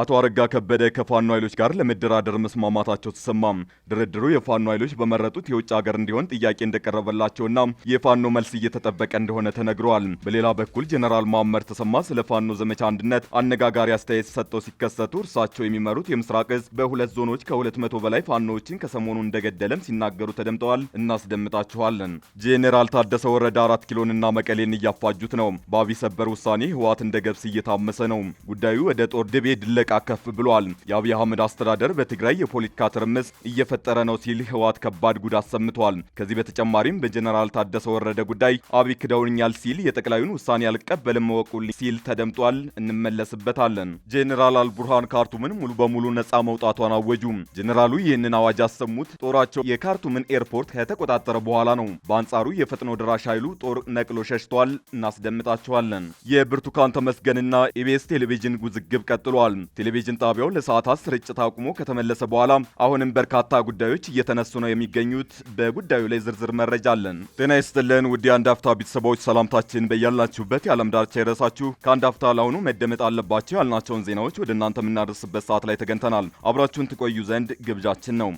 አቶ አረጋ ከበደ ከፋኖ ኃይሎች ጋር ለመደራደር መስማማታቸው ተሰማ። ድርድሩ የፋኖ ኃይሎች በመረጡት የውጭ ሀገር እንዲሆን ጥያቄ እንደቀረበላቸውና የፋኖ መልስ እየተጠበቀ እንደሆነ ተነግሯል። በሌላ በኩል ጀነራል ማመር ተሰማ ስለ ፋኖ ዘመቻ አንድነት አነጋጋሪ አስተያየት ሰጥተው ሲከሰቱ እርሳቸው የሚመሩት የምስራቅ እዝ በሁለት ዞኖች ከ200 በላይ ፋኖዎችን ከሰሞኑ እንደገደለም ሲናገሩ ተደምጠዋል። እናስደምጣችኋለን። ጄኔራል ታደሰ ወረደ አራት ኪሎንና መቀሌን እያፋጁት ነው። በአቢይ ውሳኔ ህወሓት እንደ ገብስ እየታመሰ ነው። ጉዳዩ ወደ ጦር ድቤ ድለ ፍለቃ ከፍ ብሏል። የአብይ አህመድ አስተዳደር በትግራይ የፖለቲካ ትርምስ እየፈጠረ ነው ሲል ህወሓት ከባድ ጉዳት ሰምቷል። ከዚህ በተጨማሪም በጀነራል ታደሰ ወረደ ጉዳይ አብይ ክደውኛል ሲል የጠቅላዩን ውሳኔ አልቀበልም መወቁልኝ ሲል ተደምጧል። እንመለስበታለን። ጄኔራል አልቡርሃን ካርቱምን ሙሉ በሙሉ ነፃ መውጣቷን አወጁ። ጄኔራሉ ይህንን አዋጅ ያሰሙት ጦራቸው የካርቱምን ኤርፖርት ከተቆጣጠረ በኋላ ነው። በአንጻሩ የፈጥኖ ደራሽ ኃይሉ ጦር ነቅሎ ሸሽቷል። እናስደምጣቸዋለን። የብርቱካን ተመስገንና ኢቢኤስ ቴሌቪዥን ውዝግብ ቀጥሏል። ቴሌቪዥን ጣቢያው ለሰዓታት ስርጭት አቁሞ ከተመለሰ በኋላ አሁንም በርካታ ጉዳዮች እየተነሱ ነው የሚገኙት። በጉዳዩ ላይ ዝርዝር መረጃ አለን። ጤና ይስጥልን ውድ የአንድ አፍታ ቤተሰቦች፣ ሰላምታችን በያላችሁበት የዓለም ዳርቻ የረሳችሁ ከአንድ አፍታ ለአሁኑ መደመጥ አለባቸው ያልናቸውን ዜናዎች ወደ እናንተ የምናደርስበት ሰዓት ላይ ተገኝተናል። አብራችሁን ትቆዩ ዘንድ ግብዣችን ነው።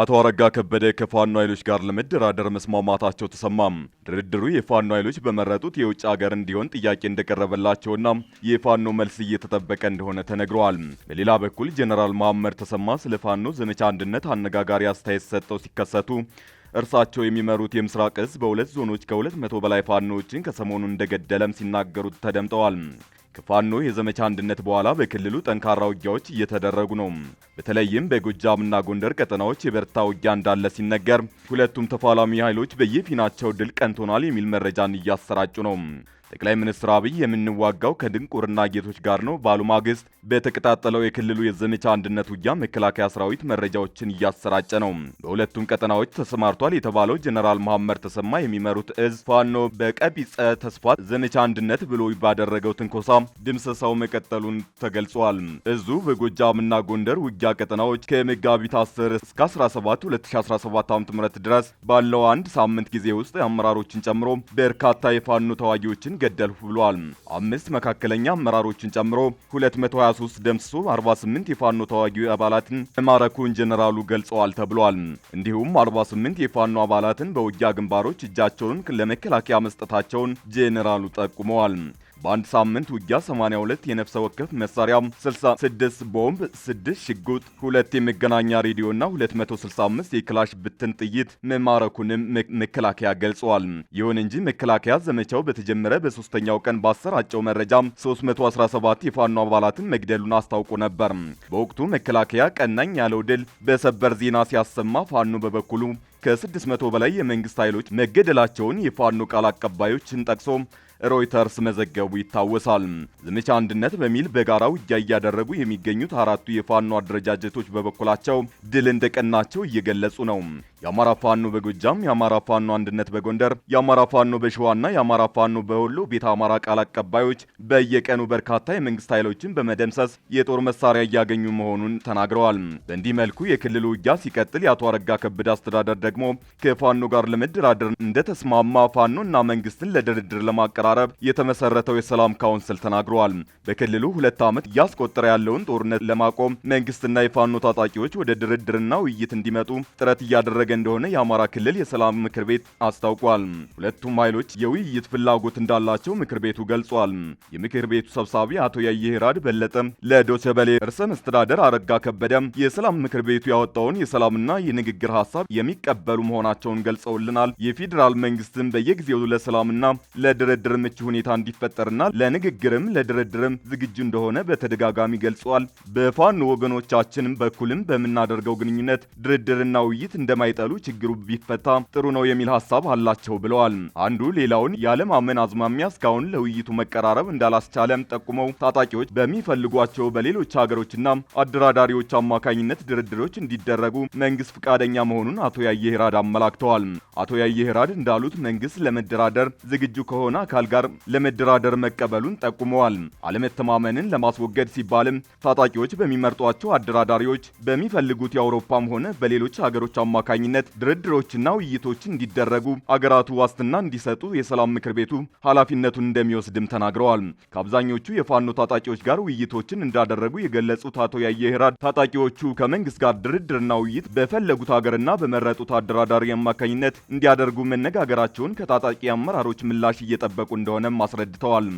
አቶ አረጋ ከበደ ከፋኖ ኃይሎች ጋር ለመደራደር መስማማታቸው ተሰማ። ድርድሩ የፋኖ ኃይሎች በመረጡት የውጭ ሀገር እንዲሆን ጥያቄ እንደቀረበላቸውና የፋኖ መልስ እየተጠበቀ እንደሆነ ተነግረዋል። በሌላ በኩል ጀነራል መሐመድ ተሰማ ስለ ፋኖ ዘመቻ አንድነት አነጋጋሪ አስተያየት ሰጠው ሲከሰቱ እርሳቸው የሚመሩት የምስራቅ እዝ በሁለት ዞኖች ከሁለት መቶ በላይ ፋኖዎችን ከሰሞኑ እንደገደለም ሲናገሩት ተደምጠዋል። ከፋኖ የዘመቻ አንድነት በኋላ በክልሉ ጠንካራ ውጊያዎች እየተደረጉ ነው። በተለይም በጎጃምና ጎንደር ቀጠናዎች የበርታ ውጊያ እንዳለ ሲነገር፣ ሁለቱም ተፋላሚ ኃይሎች በየፊናቸው ድል ቀንቶናል የሚል መረጃን እያሰራጩ ነው። ጠቅላይ ሚኒስትር አብይ የምንዋጋው ከድንቁርና ጌቶች ጋር ነው ባሉ ማግስት በተቀጣጠለው የክልሉ የዘመቻ አንድነት ውጊያ መከላከያ ሰራዊት መረጃዎችን እያሰራጨ ነው። በሁለቱም ቀጠናዎች ተሰማርቷል የተባለው ጀነራል መሐመድ ተሰማ የሚመሩት እዝ ፋኖ በቀቢጸ ተስፋ ዘመቻ አንድነት ብሎ ባደረገው ትንኮሳ ድምሰሳው መቀጠሉን ተገልጿል። እዙ በጎጃምና ጎንደር ውጊያ ቀጠናዎች ከመጋቢት 10 እስከ 17 2017 ዓ.ም ድረስ ባለው አንድ ሳምንት ጊዜ ውስጥ አመራሮችን ጨምሮ በርካታ የፋኖ ተዋጊዎችን ገደልሁ ብሏል። አምስት መካከለኛ አመራሮችን ጨምሮ 223 ደምስሶ 48 የፋኖ ተዋጊ አባላትን መማረኩን ጀነራሉ ገልጸዋል ተብሏል። እንዲሁም 48 የፋኖ አባላትን በውጊያ ግንባሮች እጃቸውን ለመከላከያ መስጠታቸውን ጄኔራሉ ጠቁመዋል። በአንድ ሳምንት ውጊያ 82 የነፍሰ ወከፍ መሳሪያ፣ 66 ቦምብ፣ 6 ሽጉጥ፣ ሁለት የመገናኛ ሬዲዮና 265 የክላሽ ብትን ጥይት መማረኩንም መከላከያ ገልጸዋል። ይሁን እንጂ መከላከያ ዘመቻው በተጀመረ በሶስተኛው ቀን ባሰራጨው መረጃ 317 የፋኖ አባላትን መግደሉን አስታውቆ ነበር። በወቅቱ መከላከያ ቀናኝ ያለው ድል በሰበር ዜና ሲያሰማ፣ ፋኖ በበኩሉ ከ600 በላይ የመንግስት ኃይሎች መገደላቸውን የፋኖ ቃል አቀባዮችን ጠቅሶ ሮይተርስ መዘገቡ ይታወሳል። ዘመቻ አንድነት በሚል በጋራ ውጊያ እያደረጉ የሚገኙት አራቱ የፋኖ አደረጃጀቶች በበኩላቸው ድል እንደቀናቸው እየገለጹ ነው። የአማራ ፋኖ በጎጃም፣ የአማራ ፋኖ አንድነት በጎንደር፣ የአማራ ፋኖ በሸዋና የአማራ ፋኖ በወሎ ቤተ አማራ ቃል አቀባዮች በየቀኑ በርካታ የመንግስት ኃይሎችን በመደምሰስ የጦር መሳሪያ እያገኙ መሆኑን ተናግረዋል። በእንዲህ መልኩ የክልሉ ውጊያ ሲቀጥል የአቶ አረጋ ከበደ አስተዳደር ደግሞ ከፋኖ ጋር ለመደራደር እንደተስማማ ፋኖ እና መንግስትን ለድርድር ለማቀራ ለማቀራረብ የተመሰረተው የሰላም ካውንስል ተናግረዋል። በክልሉ ሁለት ዓመት እያስቆጠረ ያለውን ጦርነት ለማቆም መንግስትና የፋኖ ታጣቂዎች ወደ ድርድርና ውይይት እንዲመጡ ጥረት እያደረገ እንደሆነ የአማራ ክልል የሰላም ምክር ቤት አስታውቋል። ሁለቱም ኃይሎች የውይይት ፍላጎት እንዳላቸው ምክር ቤቱ ገልጿል። የምክር ቤቱ ሰብሳቢ አቶ በለጠም በለጠ ለዶቸበሌ ርዕሰ መስተዳደር አረጋ ከበደ የሰላም ምክር ቤቱ ያወጣውን የሰላምና የንግግር ሀሳብ የሚቀበሉ መሆናቸውን ገልጸውልናል። የፌዴራል መንግስትም በየጊዜው ለሰላምና ለድርድር ምቹ ሁኔታ እንዲፈጠርና ለንግግርም ለድርድርም ዝግጁ እንደሆነ በተደጋጋሚ ገልጿል። በፋኖ ወገኖቻችንም በኩልም በምናደርገው ግንኙነት ድርድርና ውይይት እንደማይጠሉ ችግሩ ቢፈታ ጥሩ ነው የሚል ሀሳብ አላቸው ብለዋል። አንዱ ሌላውን ያለማመን አዝማሚያ እስካሁን ለውይይቱ መቀራረብ እንዳላስቻለም ጠቁመው ታጣቂዎች በሚፈልጓቸው በሌሎች ሀገሮችና አደራዳሪዎች አማካኝነት ድርድሮች እንዲደረጉ መንግስት ፈቃደኛ መሆኑን አቶ ያየህራድ አመላክተዋል። አቶ ያየህራድ እንዳሉት መንግስት ለመደራደር ዝግጁ ከሆነ አካል ጋር ለመደራደር መቀበሉን ጠቁመዋል። አለመተማመንን ለማስወገድ ሲባልም ታጣቂዎች በሚመርጧቸው አደራዳሪዎች በሚፈልጉት የአውሮፓም ሆነ በሌሎች ሀገሮች አማካኝነት ድርድሮችና ውይይቶች እንዲደረጉ አገራቱ ዋስትና እንዲሰጡ የሰላም ምክር ቤቱ ኃላፊነቱን እንደሚወስድም ተናግረዋል። ከአብዛኞቹ የፋኖ ታጣቂዎች ጋር ውይይቶችን እንዳደረጉ የገለጹት አቶ ያየህራድ ታጣቂዎቹ ከመንግስት ጋር ድርድርና ውይይት በፈለጉት ሀገርና በመረጡት አደራዳሪ አማካኝነት እንዲያደርጉ መነጋገራቸውን ከታጣቂ አመራሮች ምላሽ እየጠበቁ እንደሆነም አስረድተዋል።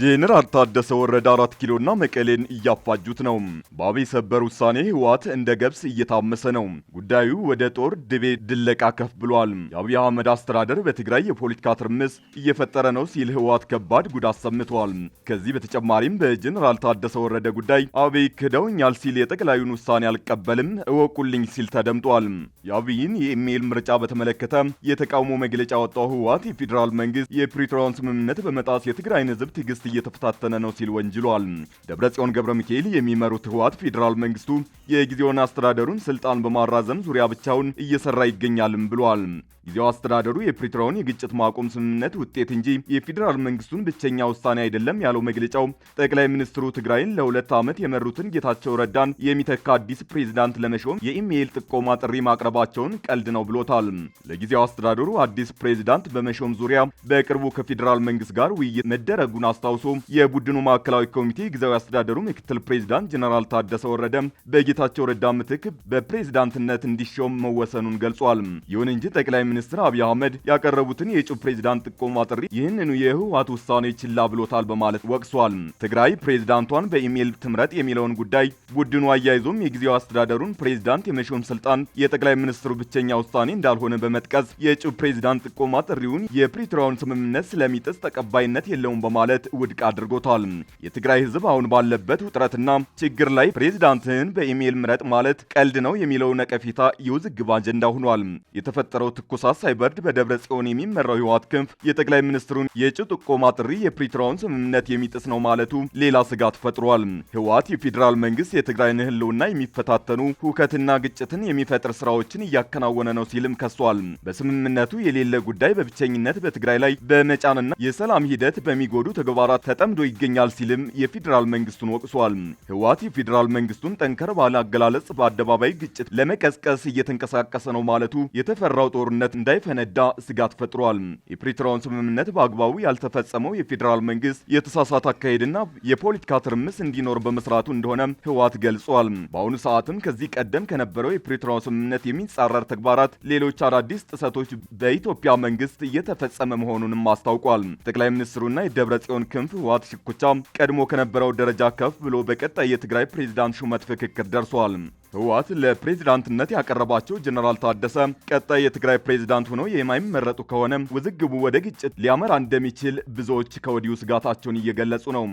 ጄኔራል ታደሰ ወረደ አራት ኪሎና መቀሌን እያፋጁት ነው። በአቤ ሰበር ውሳኔ ህወሓት እንደ ገብስ እየታመሰ ነው። ጉዳዩ ወደ ጦር ድቤ ድለቃ ከፍ ብሏል። የአብይ አህመድ አስተዳደር በትግራይ የፖለቲካ ትርምስ እየፈጠረ ነው ሲል ህወሓት ከባድ ጉዳት ሰምቷል። ከዚህ በተጨማሪም በጄኔራል ታደሰ ወረደ ጉዳይ አብይ ክደውኛል ሲል የጠቅላዩን ውሳኔ አልቀበልም እወቁልኝ ሲል ተደምጧል። የአብይን የኢሜይል ምርጫ በተመለከተ የተቃውሞ መግለጫ ወጣው ህወሓት የፌዴራል መንግስት የፕሪቶሪያውን ስምምነት በመጣስ የትግራይን ህዝብ ትግስት እየተፈታተነ ነው ሲል ወንጅሏል። ደብረጽዮን ገብረ ሚካኤል የሚመሩት ህወሓት ፌዴራል መንግስቱ የጊዜውን አስተዳደሩን ስልጣን በማራዘም ዙሪያ ብቻውን እየሰራ ይገኛልም ብሏል። ጊዜው አስተዳደሩ የፕሪቶሪያውን የግጭት ማቆም ስምምነት ውጤት እንጂ የፌዴራል መንግስቱን ብቸኛ ውሳኔ አይደለም ያለው መግለጫው ጠቅላይ ሚኒስትሩ ትግራይን ለሁለት ዓመት የመሩትን ጌታቸው ረዳን የሚተካ አዲስ ፕሬዝዳንት ለመሾም የኢሜይል ጥቆማ ጥሪ ማቅረባቸውን ቀልድ ነው ብሎታል። ለጊዜው አስተዳደሩ አዲስ ፕሬዝዳንት በመሾም ዙሪያ በቅርቡ ከፌዴራል መንግስት ጋር ውይይት መደረጉን አስታውሷል። አስታውሶ የቡድኑ ማዕከላዊ ኮሚቴ ጊዜያዊ አስተዳደሩ ምክትል ፕሬዚዳንት ጀነራል ታደሰ ወረደ በጌታቸው ረዳ ምትክ በፕሬዚዳንትነት እንዲሾም መወሰኑን ገልጿል። ይሁን እንጂ ጠቅላይ ሚኒስትር አብይ አህመድ ያቀረቡትን የእጩ ፕሬዚዳንት ጥቆማ ጥሪ ይህንኑ የህወሓት ውሳኔ ችላ ብሎታል በማለት ወቅሷል። ትግራይ ፕሬዚዳንቷን በኢሜይል ትምረጥ የሚለውን ጉዳይ ቡድኑ አያይዞም የጊዜያዊ አስተዳደሩን ፕሬዚዳንት የመሾም ስልጣን የጠቅላይ ሚኒስትሩ ብቸኛ ውሳኔ እንዳልሆነ በመጥቀስ የእጩ ፕሬዚዳንት ጥቆማ ጥሪውን የፕሪቶሪያውን ስምምነት ስለሚጥስ ተቀባይነት የለውም በማለት ውድቅ አድርጎታል። የትግራይ ህዝብ አሁን ባለበት ውጥረትና ችግር ላይ ፕሬዚዳንትን በኢሜይል ምረጥ ማለት ቀልድ ነው የሚለው ነቀፌታ የውዝግብ አጀንዳ ሆኗል። የተፈጠረው ትኩሳት ሳይበርድ በደብረ ጽዮን የሚመራው ህወሓት ክንፍ የጠቅላይ ሚኒስትሩን የእጩ ጥቆማ ጥሪ የፕሪቶሪያውን ስምምነት የሚጥስ ነው ማለቱ ሌላ ስጋት ፈጥሯል። ህወሓት የፌዴራል መንግስት የትግራይን ህልውና የሚፈታተኑ ሁከትና ግጭትን የሚፈጥር ስራዎችን እያከናወነ ነው ሲልም ከሷል። በስምምነቱ የሌለ ጉዳይ በብቸኝነት በትግራይ ላይ በመጫንና የሰላም ሂደት በሚጎዱ ተግባራት ተግባራት ተጠምዶ ይገኛል ሲልም የፌዴራል መንግስቱን ወቅሷል። ህወሓት የፌዴራል መንግስቱን ጠንከር ባለ አገላለጽ በአደባባይ ግጭት ለመቀስቀስ እየተንቀሳቀሰ ነው ማለቱ የተፈራው ጦርነት እንዳይፈነዳ ስጋት ፈጥሯል። የፕሪቶሪያውን ስምምነት በአግባቡ ያልተፈጸመው የፌዴራል መንግስት የተሳሳት አካሄድና የፖለቲካ ትርምስ እንዲኖር በመስራቱ እንደሆነ ህወሓት ገልጿል። በአሁኑ ሰዓትም ከዚህ ቀደም ከነበረው የፕሪቶሪያው ስምምነት የሚጻረር ተግባራት፣ ሌሎች አዳዲስ ጥሰቶች በኢትዮጵያ መንግስት እየተፈጸመ መሆኑንም አስታውቋል። ጠቅላይ ሚኒስትሩና የደብረ ጽዮን ክንፍ ህወሓት ሽኩቻ ቀድሞ ከነበረው ደረጃ ከፍ ብሎ በቀጣይ የትግራይ ፕሬዚዳንት ሹመት ፍክክር ደርሷል። ህወሓት ለፕሬዝዳንትነት ያቀረባቸው ጀነራል ታደሰ ቀጣይ የትግራይ ፕሬዝዳንት ሆነው የማይመረጡ ከሆነ ውዝግቡ ወደ ግጭት ሊያመራ እንደሚችል ብዙዎች ከወዲሁ ስጋታቸውን እየገለጹ ነው።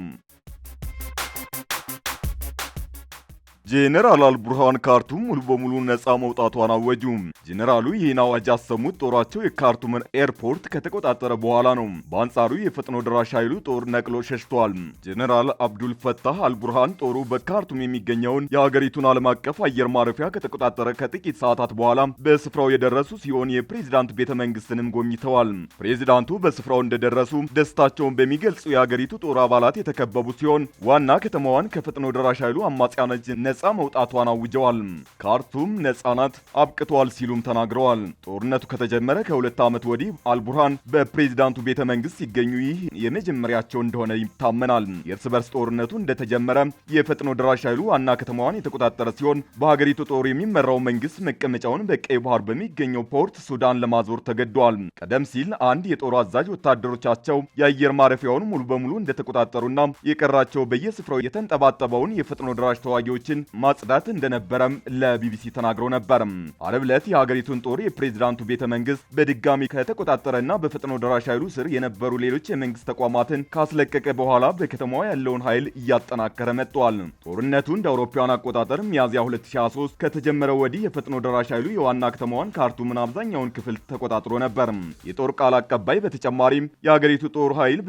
ጄኔራል አልቡርሃን ካርቱም ሙሉ በሙሉ ነፃ መውጣቷን አወጁ። ጄኔራሉ ይህን አዋጅ ያሰሙት ጦራቸው የካርቱምን ኤርፖርት ከተቆጣጠረ በኋላ ነው። በአንጻሩ የፈጥኖ ደራሽ ኃይሉ ጦር ነቅሎ ሸሽቷል። ጄኔራል አብዱል ፈታህ አልቡርሃን ጦሩ በካርቱም የሚገኘውን የሀገሪቱን ዓለም አቀፍ አየር ማረፊያ ከተቆጣጠረ ከጥቂት ሰዓታት በኋላ በስፍራው የደረሱ ሲሆን የፕሬዚዳንት ቤተ መንግስትንም ጎብኝተዋል። ፕሬዚዳንቱ በስፍራው እንደደረሱ ደስታቸውን በሚገልጹ የሀገሪቱ ጦር አባላት የተከበቡ ሲሆን ዋና ከተማዋን ከፈጥኖ ደራሽ ኃይሉ አማጽያኖች ነፃ መውጣቷን አውጀዋል። ካርቱም ነጻናት አብቅተዋል ሲሉም ተናግረዋል። ጦርነቱ ከተጀመረ ከሁለት ዓመት ወዲህ አልቡርሃን በፕሬዚዳንቱ ቤተ መንግስት ሲገኙ ይህ የመጀመሪያቸው እንደሆነ ይታመናል። የእርስ በርስ ጦርነቱ እንደተጀመረ የፈጥኖ ደራሽ ኃይሉ ዋና ከተማዋን የተቆጣጠረ ሲሆን በሀገሪቱ ጦር የሚመራው መንግስት መቀመጫውን በቀይ ባህር በሚገኘው ፖርት ሱዳን ለማዞር ተገዷል። ቀደም ሲል አንድ የጦር አዛዥ ወታደሮቻቸው የአየር ማረፊያውን ሙሉ በሙሉ እንደተቆጣጠሩና የቀራቸው በየስፍራው የተንጠባጠበውን የፈጥኖ ደራሽ ተዋጊዎችን ማጽዳት እንደነበረም ለቢቢሲ ተናግሮ ነበር። አርብ ዕለት የሀገሪቱን ጦር የፕሬዝዳንቱ ቤተ መንግስት በድጋሚ ከተቆጣጠረና በፈጥኖ ደራሽ ኃይሉ ስር የነበሩ ሌሎች የመንግስት ተቋማትን ካስለቀቀ በኋላ በከተማዋ ያለውን ኃይል እያጠናከረ መጥቷል። ጦርነቱ እንደ አውሮፓውያን አቆጣጠር ሚያዝያ 2023 ከተጀመረ ወዲህ የፈጥኖ ደራሽ ኃይሉ የዋና ከተማዋን ካርቱምን አብዛኛውን ክፍል ተቆጣጥሮ ነበር። የጦር ቃል አቀባይ በተጨማሪም የሀገሪቱ ጦር ኃይል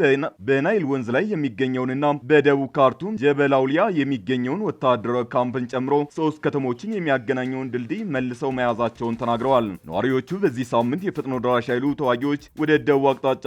በናይል ወንዝ ላይ የሚገኘውንና በደቡብ ካርቱም ጀበላውሊያ የሚገኘውን ወታደራዊ ካምፕን ጨምሮ ሶስት ከተሞችን የሚያገናኘውን ድልድይ መልሰው መያዛቸውን ተናግረዋል። ነዋሪዎቹ በዚህ ሳምንት የፈጥኖ ደራሽ ኃይሉ ተዋጊዎች ወደ ደቡብ አቅጣጫ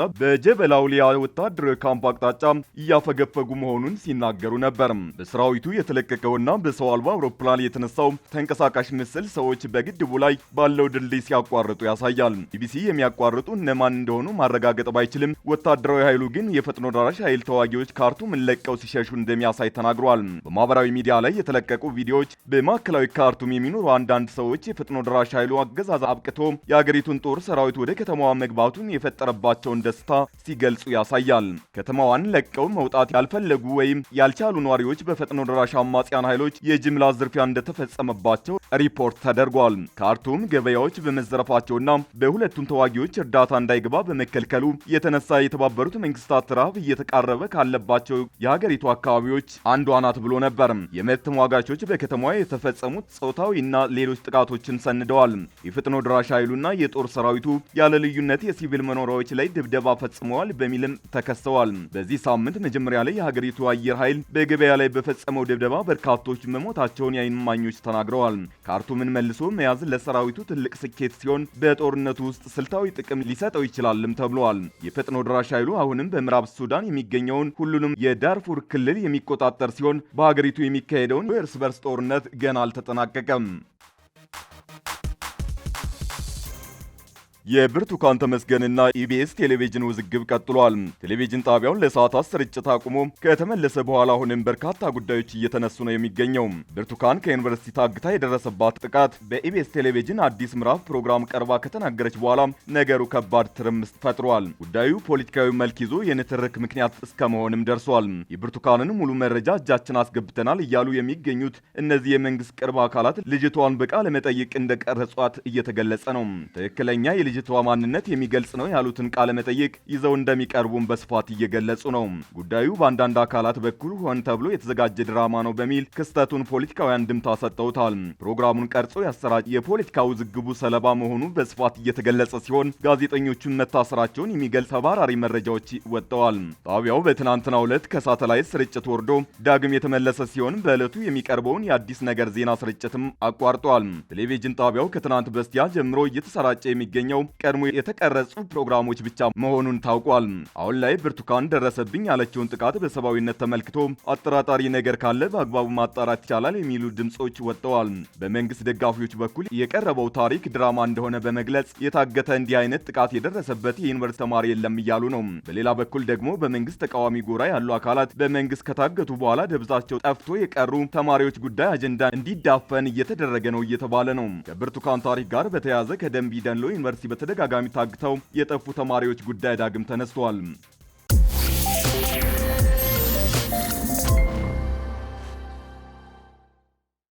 አውሊያ ወታደራዊ ካምፕ አቅጣጫ እያፈገፈጉ መሆኑን ሲናገሩ ነበር። በሰራዊቱ የተለቀቀውና በሰው አልባ አውሮፕላን የተነሳው ተንቀሳቃሽ ምስል ሰዎች በግድቡ ላይ ባለው ድልድይ ሲያቋርጡ ያሳያል። ቢቢሲ የሚያቋርጡ እነማን እንደሆኑ ማረጋገጥ ባይችልም ወታደራዊ ኃይሉ ግን የፈጥኖ ደራሽ ኃይል ተዋጊዎች ካርቱምን ለቀው ሲሸሹ እንደሚያሳይ ተናግሯል። በማህበራዊ ሚዲያ ላይ የተለቀቁ ቪዲዮዎች በማዕከላዊ ካርቱም የሚኖሩ አንዳንድ ሰዎች የፈጥኖ ደራሽ ኃይሉ አገዛዝ አብቅቶ የአገሪቱን ጦር ሰራዊት ወደ ከተማዋ መግባቱን የፈጠረባቸውን ደስታ ሲገልጹ ያሳያል። ከተማዋን ለቀው መውጣት ያልፈለጉ ወይም ያልቻሉ ነዋሪዎች በፈጥኖ ደራሽ አማጽያን ኃይሎች የጅምላ ዝርፊያ እንደተፈጸመባቸው ሪፖርት ተደርጓል። ካርቱም ገበያዎች በመዘረፋቸውና በሁለቱም ተዋጊዎች እርዳታ እንዳይገባ በመከልከሉ የተነሳ የተባበሩት መንግስታት ረሃብ እየተቃረበ ካለባቸው የሀገሪቱ አካባቢዎች አንዷ ናት ብሎ ነበር። የመብት ተሟጋቾች ኃይሎች በከተማዋ የተፈጸሙት ጾታዊና ሌሎች ጥቃቶችን ሰንደዋል። የፍጥኖ ድራሽ ኃይሉና የጦር ሰራዊቱ ያለ ልዩነት የሲቪል መኖሪያዎች ላይ ድብደባ ፈጽመዋል በሚልም ተከሰዋል። በዚህ ሳምንት መጀመሪያ ላይ የሀገሪቱ አየር ኃይል በገበያ ላይ በፈጸመው ድብደባ በርካቶች መሞታቸውን የዓይን እማኞች ተናግረዋል። ካርቱምን መልሶ መያዝ ለሰራዊቱ ትልቅ ስኬት ሲሆን በጦርነቱ ውስጥ ስልታዊ ጥቅም ሊሰጠው ይችላልም ተብሏል። የፈጥኖ ድራሽ ኃይሉ አሁንም በምዕራብ ሱዳን የሚገኘውን ሁሉንም የዳርፉር ክልል የሚቆጣጠር ሲሆን በሀገሪቱ የሚካሄደውን የእርስ በ የእርስ በርስ ጦርነት ገና አልተጠናቀቀም። የብርቱካን ተመስገንና ኢቢኤስ ቴሌቪዥን ውዝግብ ቀጥሏል። ቴሌቪዥን ጣቢያውን ለሰዓታት ስርጭት አቁሞ ከተመለሰ በኋላ አሁንም በርካታ ጉዳዮች እየተነሱ ነው የሚገኘው። ብርቱካን ከዩኒቨርሲቲ ታግታ የደረሰባት ጥቃት በኢቢኤስ ቴሌቪዥን አዲስ ምዕራፍ ፕሮግራም ቀርባ ከተናገረች በኋላ ነገሩ ከባድ ትርምስ ፈጥሯል። ጉዳዩ ፖለቲካዊ መልክ ይዞ የንትርክ ምክንያት እስከ መሆንም ደርሷል። የብርቱካንን ሙሉ መረጃ እጃችን አስገብተናል እያሉ የሚገኙት እነዚህ የመንግስት ቅርብ አካላት ልጅቷን በቃለ መጠይቅ እንደቀረጿት እየተገለጸ ነው። ትክክለኛ የልጅ የድርጅቷ ማንነት የሚገልጽ ነው ያሉትን ቃለ መጠይቅ ይዘው እንደሚቀርቡም በስፋት እየገለጹ ነው። ጉዳዩ በአንዳንድ አካላት በኩል ሆን ተብሎ የተዘጋጀ ድራማ ነው በሚል ክስተቱን ፖለቲካዊ አንድምታ ሰጥተውታል። ፕሮግራሙን ቀርጾ ያሰራጭ የፖለቲካ ውዝግቡ ሰለባ መሆኑ በስፋት እየተገለጸ ሲሆን ጋዜጠኞቹን መታሰራቸውን የሚገልጽ ተባራሪ መረጃዎች ወጥተዋል። ጣቢያው በትናንትናው ዕለት ከሳተላይት ስርጭት ወርዶ ዳግም የተመለሰ ሲሆን በዕለቱ የሚቀርበውን የአዲስ ነገር ዜና ስርጭትም አቋርጧል። ቴሌቪዥን ጣቢያው ከትናንት በስቲያ ጀምሮ እየተሰራጨ የሚገኘው ያላቸው ቀድሞ የተቀረጹ ፕሮግራሞች ብቻ መሆኑን ታውቋል። አሁን ላይ ብርቱካን ደረሰብኝ ያለችውን ጥቃት በሰብአዊነት ተመልክቶ አጠራጣሪ ነገር ካለ በአግባቡ ማጣራት ይቻላል የሚሉ ድምፆች ወጥተዋል። በመንግስት ደጋፊዎች በኩል የቀረበው ታሪክ ድራማ እንደሆነ በመግለጽ የታገተ እንዲህ አይነት ጥቃት የደረሰበት የዩኒቨርሲቲ ተማሪ የለም እያሉ ነው። በሌላ በኩል ደግሞ በመንግስት ተቃዋሚ ጎራ ያሉ አካላት በመንግስት ከታገቱ በኋላ ደብዛቸው ጠፍቶ የቀሩ ተማሪዎች ጉዳይ አጀንዳ እንዲዳፈን እየተደረገ ነው እየተባለ ነው። ከብርቱካን ታሪክ ጋር በተያያዘ ከደምቢ ደንሎ ዩኒቨርሲቲ በተደጋጋሚ ታግተው የጠፉ ተማሪዎች ጉዳይ ዳግም ተነስቷል።